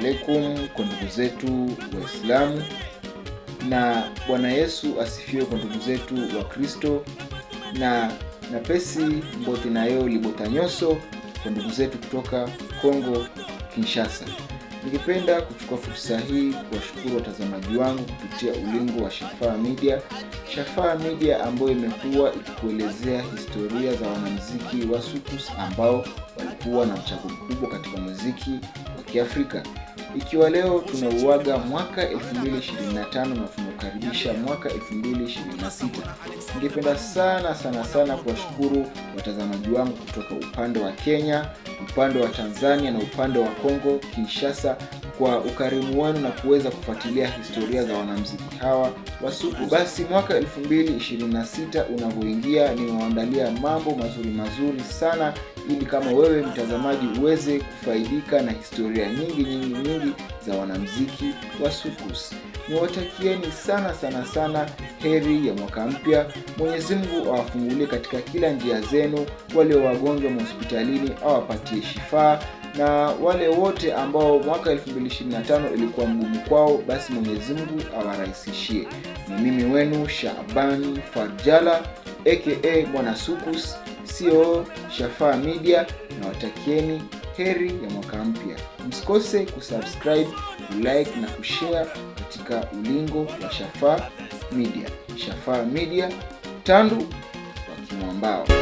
alaikum kwa ndugu zetu Waislamu, na Bwana Yesu asifiwe kwa ndugu zetu wa Kristo, na napesi mboti nayo nyoso kwa ndugu zetu kutoka Kongo Kinshasa. Ningependa kuchukua fursa hii kuwashukuru watazamaji wangu kupitia ulingo wa Shafaa Media. Shafaa Media ambayo imekuwa ikikuelezea historia za wanamuziki wa Sukus ambao walikuwa na mchango mkubwa katika muziki wa Kiafrika. Ikiwa leo tunauaga mwaka 2025 na tunaukaribisha mwaka 2026, ningependa sana sana sana kuwashukuru watazamaji wangu kutoka upande wa Kenya, upande wa Tanzania na upande wa Kongo Kinshasa kwa ukarimu wenu na kuweza kufuatilia historia za wanamuziki hawa wasuku. Basi mwaka 2026 unavyoingia, nimewaandalia mambo mazuri mazuri sana, ili kama wewe mtazamaji uweze kufaidika na historia nyingi nyingi nyingi za wanamuziki wa Sukus. Niwatakieni sana sana sana heri ya mwaka mpya. Mwenyezi Mungu awafungulie katika kila njia zenu, walio wagonjwa mahospitalini awapatie shifaa na wale wote ambao mwaka 2025 ilikuwa mgumu kwao, basi Mwenyezi Mungu awarahisishie. Ni mimi wenu shaban Farjala aka Bwana Sukus CEO Shafaa Media, na watakieni heri ya mwaka mpya. Msikose kusubscribe, kulike na kushare katika ulingo wa Shafaa Media. Shafaa Media, tandu wa kimwambao.